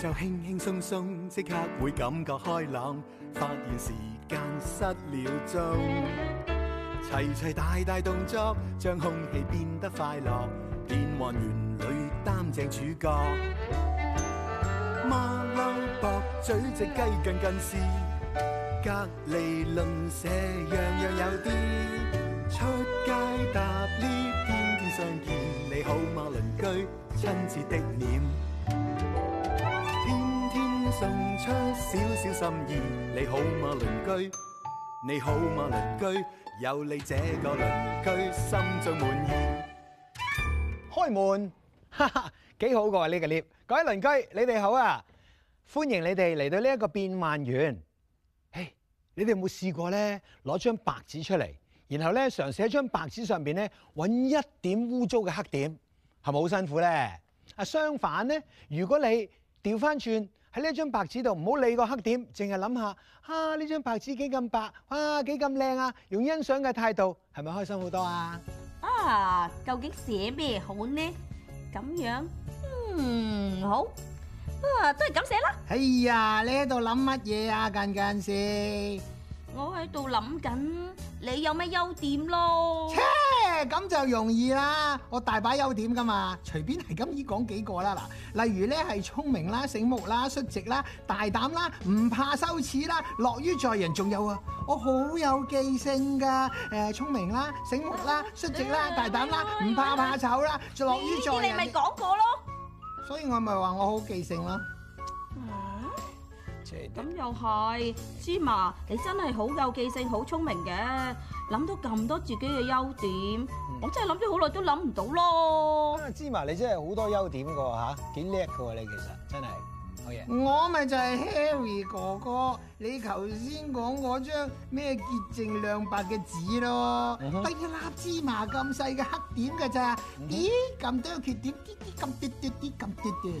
就輕輕鬆鬆，即刻會感覺開朗，發現時間失了蹤。齊齊大大動作，將空氣變得快樂，變幻園裡擔正主角。馬騮博嘴隻雞近近視，隔籬鄰舍樣樣有啲。出街搭 𨋢，天天相見，你好嗎，鄰居？親切的臉。送出少少心意，你好嗎，鄰居？你好嗎，鄰居？有你這個鄰居，心最滿意。開門，哈哈，幾好噶呢個 lift。各位鄰居，你哋好啊，歡迎你哋嚟到呢一個變幻園。誒、hey，你哋有冇試過咧？攞張白紙出嚟，然後咧嘗試喺張白紙上邊咧，搵一點污糟嘅黑點，係咪好辛苦咧？啊，相反咧，如果你調翻轉。喺呢張白紙度唔好理個黑點，淨係諗下，啊呢張白紙幾咁白，哇幾咁靚啊！用欣賞嘅態度係咪開心好多啊？啊，究竟寫咩好呢？咁樣，嗯好啊，都係咁寫啦。哎呀，你喺度諗乜嘢啊？近近事。我喺度諗緊你有咩優點咯。咁就容易啦，我大把優點噶嘛，隨便係咁易講幾個啦嗱，例如咧，係聰明啦、醒目啦、率直啦、大膽啦、唔怕羞恥啦、樂於助人，仲有啊，我好有記性噶，誒，聰明啦、醒目啦、率直啦、大膽啦、唔怕怕醜啦，就樂於助人。呢啲你咪講過咯，所以我咪話我好記性咯。啊咁又係芝麻？你真係好有記性，好聰明嘅，諗到咁多自己嘅優點，我真係諗咗好耐都諗唔到咯。芝麻，你真係好多優點嘅喎嚇，幾叻嘅喎，你其實真係好嘢。我咪就係 Harry 哥哥，你頭先講嗰張咩潔淨亮白嘅紙咯，得一粒芝麻咁細嘅黑點嘅咋？咦，咁多缺點咁啲啲啲咁啲啲。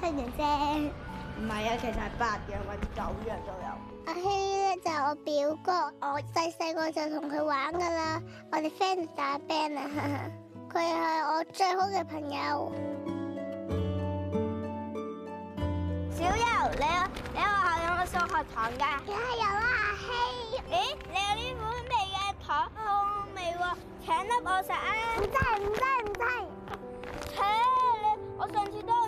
七年啫，唔係啊，其實係八樣，或者九樣都有。阿希咧就我表哥，我細細個就同佢玩噶啦，我哋 friend 打 band 啊，佢係我最好嘅朋友。小柔，你你學校有冇數學堂噶？有啊，阿希。咦，你有呢款味嘅糖好好味喎，請得我食啊！唔得唔得唔得，請你，我上次都。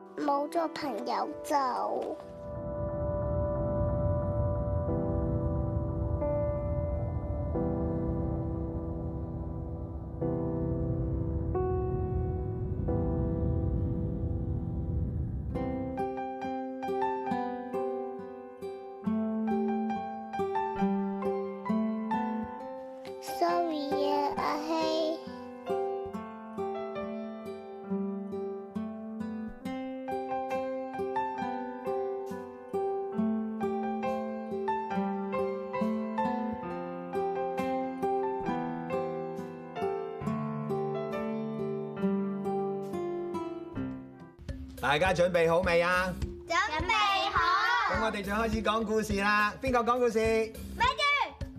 冇咗朋友就～大家準備好未啊？準備好。咁我哋就開始講故事啦。邊個講故事？咪住，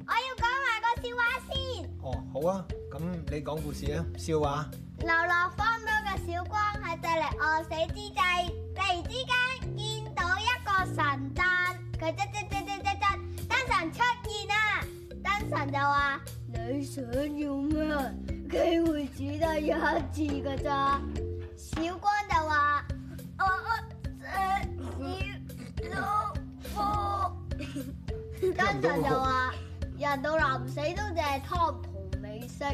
我要講埋個笑話先。哦，好啊。咁你講故事啊？笑話。流落荒島嘅小光喺就嚟餓死之際，突然之間見到一個神旦，佢噔噔噔噔噔噔，燈神出現啦。燈神就話：你想要咩？機會只得一次噶咋，小光。單純就話人到臨死都淨係湯同美食，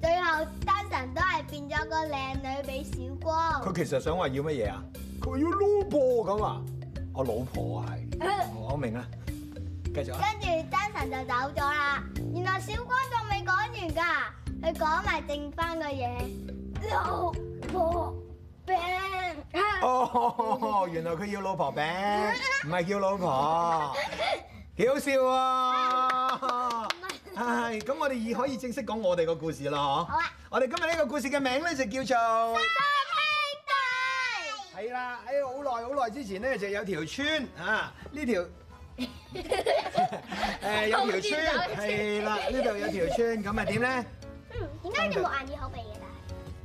最後單純都係變咗個靚女俾小光。佢其實想話要乜嘢啊？佢要老婆咁啊？我老婆係，我明啦。繼續啊！跟住單純就走咗啦。原來小光仲未講完噶，佢講埋剩翻嘅嘢，老婆餅。哦，原來佢要老婆餅，唔係叫老婆。幾好笑啊！係咁是，我哋已可以正式講我哋好、啊、個故事啦，好啦，我哋今日呢個故事嘅名咧就叫做三兄弟。係啦，喺好耐好耐之前咧，就有條村啊，呢條誒 有條村，係啦，呢度有條村，咁係點咧？嗯，點解你冇眼耳口鼻嘅？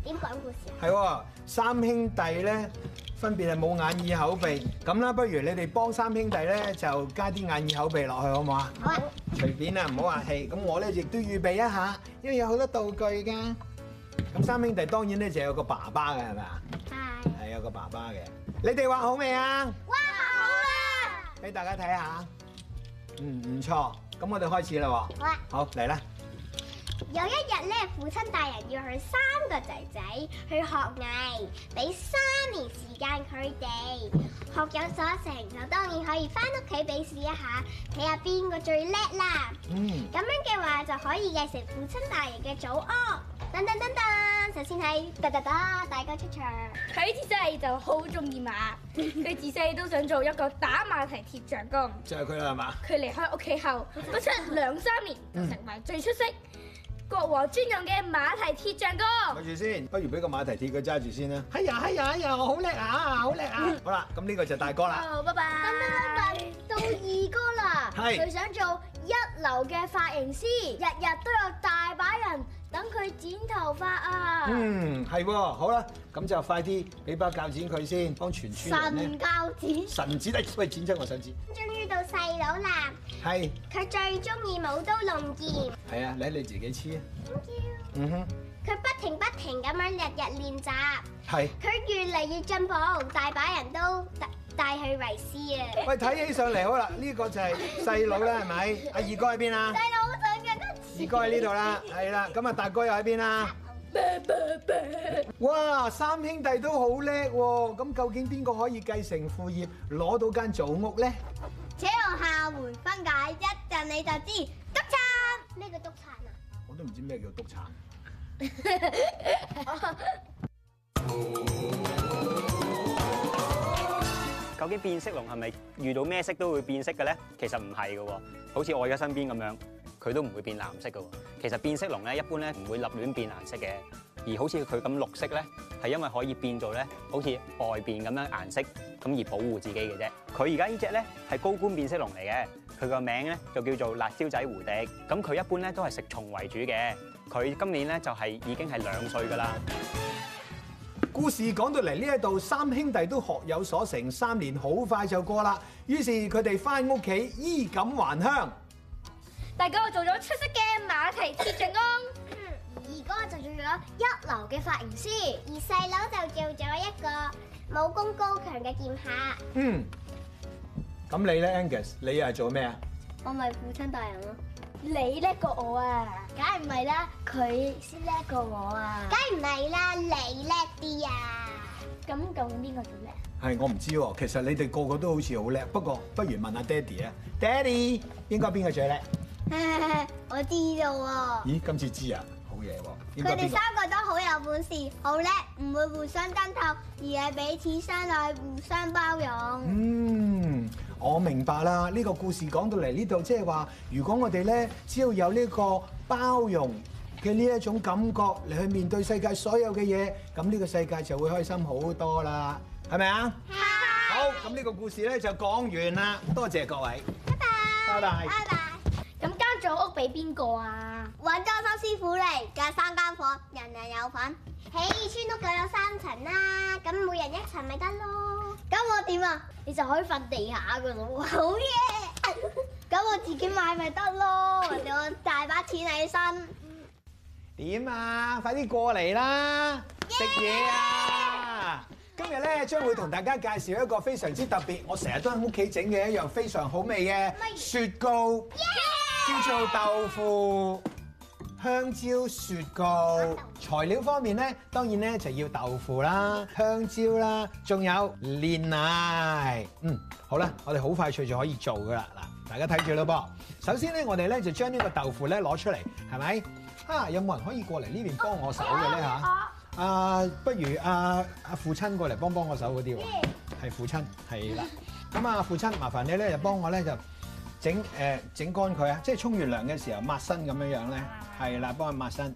點講故事啊？係，三兄弟咧，分別係冇眼耳口鼻，咁啦，不如你哋幫三兄弟咧就加啲眼耳口鼻落去，好唔好啊？好。隨便啊，唔好客氣。咁我咧亦都預備一下，因為有好多道具噶。咁三兄弟當然咧就有個爸爸嘅，係咪啊？係。係有個爸爸嘅。你哋畫好未啊？畫好啦！俾大家睇下。嗯，唔錯。咁我哋開始啦。好啊。好嚟啦。有一日咧，父親大人要佢三個仔仔去學藝，俾三年時間佢哋學有所成，就當然可以返屋企比試一下，睇下邊個最叻啦。嗯，咁樣嘅話就可以繼承父親大人嘅祖屋。等等等等，首先係，噔噔噔，大哥出場。佢自細就好鍾意馬，佢 自細都想做一個打馬蹄鐵匠工。就係佢啦，係嘛？佢離開屋企後不出兩三年，就成為最出色。嗯嗯國王專用嘅馬蹄鐵，大哥。攰住先，不如俾個馬蹄鐵佢揸住先啦。係呀，係呀，係呀，我好叻啊，好叻啊！ 好啦，咁呢個就大哥啦。哦，拜拜。等等等等，到二哥啦。係。佢想做一流嘅髮型師，日日都有大把人。等佢剪頭髮啊！嗯，係喎，好啦，咁就快啲俾把鉸剪佢先，幫全村人咧。神鉸剪，神剪啊！喂，剪出我手指。終於到細佬啦！係。佢最中意舞刀弄劍。係啊，你你自己黐啊。嗯哼。佢不停不停咁樣日日練習。係。佢越嚟越進步，大把人都拜佢為師啊！喂，睇起上嚟好啦，呢個就係細佬啦，係咪？阿二哥喺邊啊？二哥喺呢度啦，係啦，咁啊大哥又喺邊啊？哇！三兄弟都好叻喎，咁究竟邊個可以繼承父業，攞到間祖屋咧？且用下回分解，一陣你就知。督察？咩叫督察啊？我都唔知咩叫督察。究竟變色龍係咪遇到咩色都會變色嘅咧？其實唔係㗎，好似我而家身邊咁樣。佢都唔會變藍色噶喎，其實變色龍咧一般咧唔會立亂變顏色嘅，而好似佢咁綠色咧，係因為可以變到咧好似外邊咁樣顏色，咁而保護自己嘅啫。佢而家呢隻咧係高冠變色龍嚟嘅，佢個名咧就叫做辣椒仔蝴蝶。咁佢一般咧都係食蟲為主嘅。佢今年咧就係已經係兩歲噶啦。故事講到嚟呢一度，三兄弟都學有所成，三年好快就過啦。於是佢哋翻屋企，衣錦還鄉。大哥做咗出色嘅馬蹄鐵匠，二哥就做咗一流嘅髮型師，而細佬就做咗一個武功高強嘅劍客。嗯，咁你咧，Angus，你又係做咩啊？我咪父親大人咯。你叻過我啊？梗係唔係啦，佢先叻過我啊。梗係唔係啦，你叻啲啊。咁究竟邊個最叻？係我唔知，其實你哋個個都好似好叻，不過不如問下爹哋啊。爹哋應該邊個最叻？我知道喎。咦，今次知啊，好嘢喎！佢哋三個都好有本事，好叻，唔會互相爭鬥，而係彼此相愛、互相包容。嗯，我明白啦。呢個故事講到嚟呢度，即係話，如果我哋咧，只要有呢個包容嘅呢一種感覺嚟去面對世界所有嘅嘢，咁呢個世界就會開心好多啦，係咪啊？係。好，咁呢個故事咧就講完啦，多謝各位。拜拜。拜拜。拜拜。做屋俾邊個啊？搵裝修師傅嚟隔三間房，人人有份。起村屋夠有三層啦，咁每人一層咪得咯？咁我點啊？你就可以瞓地下噶咯，好嘢！咁我自己買咪得咯，我大把錢喺身。點啊？快啲過嚟啦！食嘢啊！今日咧將會同大家介紹一個非常之特別，我成日都喺屋企整嘅一樣非常好味嘅雪糕。叫做豆腐香蕉雪糕。嗯、材料方面咧，當然咧就要豆腐啦、香蕉啦，仲有煉奶。嗯，好啦，我哋好快脆就，就可以做噶啦。嗱，大家睇住咯噃。首先咧，我哋咧就將呢個豆腐咧攞出嚟，係咪？啊，有冇人可以過嚟呢邊幫我手嘅咧吓，啊，啊，不如阿阿父親過嚟幫幫我手嗰啲喎。係父親，係啦。咁啊，父親，麻煩你咧就幫我咧就。整誒整乾佢啊！即係沖完涼嘅時候抹身咁樣樣咧，係啦、啊，幫佢抹身。呢、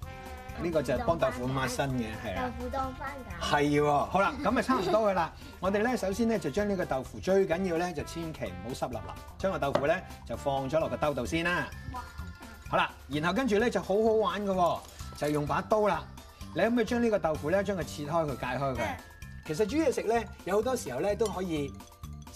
嗯、個就係幫豆腐抹身嘅，係啦。豆腐當番㗎。係喎，好啦，咁咪 差唔多噶啦。我哋咧首先咧就將呢個豆腐最緊要咧就千祈唔哇好濕立立，將個豆腐咧就放咗落個兜度先啦。好啦，然後跟住咧就好好玩嘅喎，就用把刀啦，你可唔可以將呢個豆腐咧，將佢切開佢解開佢。是的 其實煮嘢食咧，有好多時候咧都可以。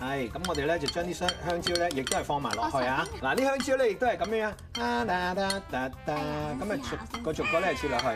係，咁我哋咧就將啲香香蕉咧，亦都係放埋落去啊！嗱，啲香蕉咧亦都係咁樣樣，咁啊、哎、逐個逐個咧切落去。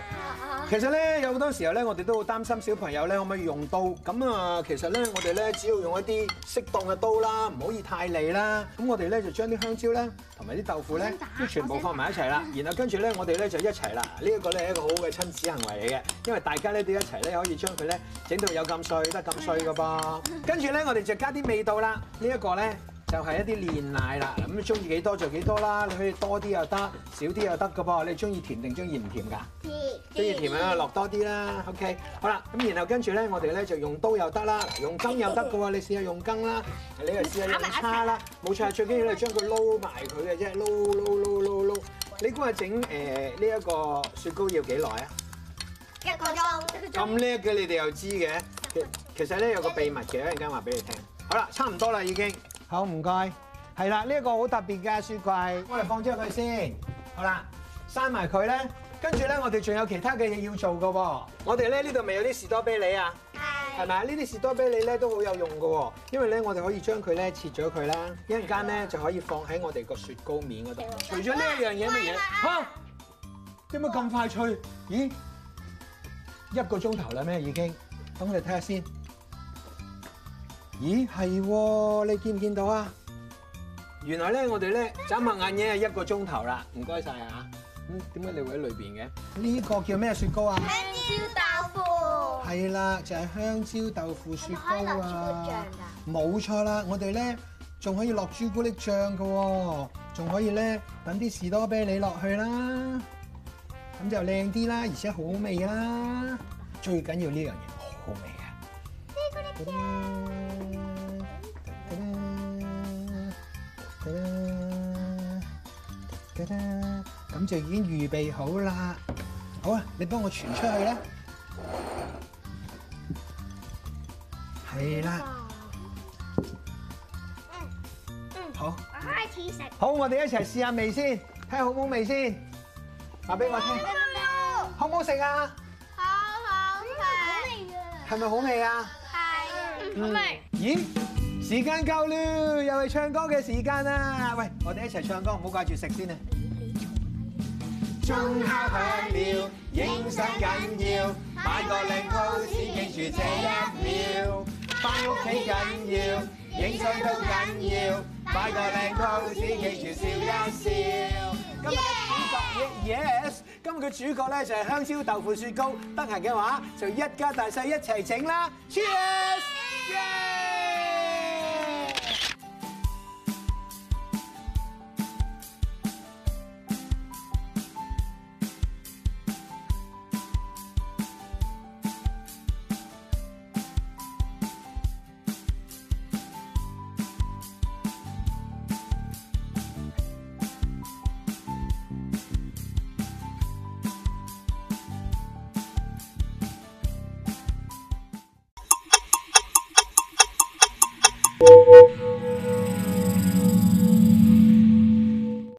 其實咧，有好多時候咧，我哋都好擔心小朋友咧可唔可以用刀咁啊。其實咧，我哋咧只要用一啲適當嘅刀啦，唔可以太利啦。咁我哋咧就將啲香蕉咧同埋啲豆腐咧，全部放埋一齊啦。然後跟住咧，我哋咧就一齊啦。呢一個咧係一個好好嘅親子行為嚟嘅，因為大家咧都一齊咧可以將佢咧整到有咁碎、得咁碎㗎噃。跟住咧，我哋就加啲味道啦。這個、呢一個咧。就係一啲煉奶啦，咁中意幾多就幾多啦。你可以多啲又得，少啲又得嘅噃。你中意甜定中意唔甜㗎？中意甜咪落多啲啦。OK，好啦，咁然後跟住咧，我哋咧就用刀又得啦，用羹又得嘅喎。你試下用羹啦，你又試下用叉啦。冇錯，最緊要你將佢撈埋佢嘅啫，撈撈撈撈撈。你估下整誒呢一個雪糕要幾耐啊？一個鐘？咁叻嘅，你哋又知嘅。其實咧有個秘密嘅，一陣間話俾你聽。好啦，差唔多啦，已經。好，唔該。係啦，呢一個好特別嘅雪櫃。我哋放咗佢先。好啦，閂埋佢咧。跟住咧，我哋仲有其他嘅嘢要做嘅喎。我哋咧呢度咪有啲士多啤梨啊？係吧。係咪啊？呢啲士多啤梨咧都好有用嘅喎。因為咧，我哋可以將佢咧切咗佢啦。一陣間咧就可以放喺我哋個雪糕面嗰度。除咗呢一樣嘢，乜嘢？吓？點解咁快脆？咦？一個鐘頭啦咩已經？等我哋睇下先。咦係、哦，你見唔見到啊？原來咧，我哋咧眨下眼嘢係一個鐘頭啦，唔該晒啊！咁，點解你會喺裏邊嘅？呢個叫咩雪糕啊？香蕉豆腐。係啦，就係、是、香蕉豆腐雪糕啊！冇、啊、錯啦，我哋咧仲可以落朱古力醬噶、哦，仲可以咧等啲士多啤梨落去啦，咁就靚啲啦，而且好味啦，最緊要呢樣嘢好味啊！朱古力醬。得啦，得啦，咁就已經預備好啦。好啊，你幫我傳出去啦。係啦。嗯嗯，好。我開始食。好，我哋一齊試下味先，睇下好唔好味先，話俾我聽。好唔好食啊？好好味、嗯、好味。係咪好味啊？係。好味。咦？時間夠了，又係唱歌嘅時間啦！喂，我哋一齊唱歌，唔好掛住食先啊！鐘敲響了，影相緊要，擺個靚 pose 記住這一秒，翻屋企緊要，影相都緊要，擺個靚 pose 記住笑一笑。今日嘅主角，yes，今日嘅主角咧就係香蕉豆腐雪糕，得閒嘅話就一家大細一齊整啦，cheers！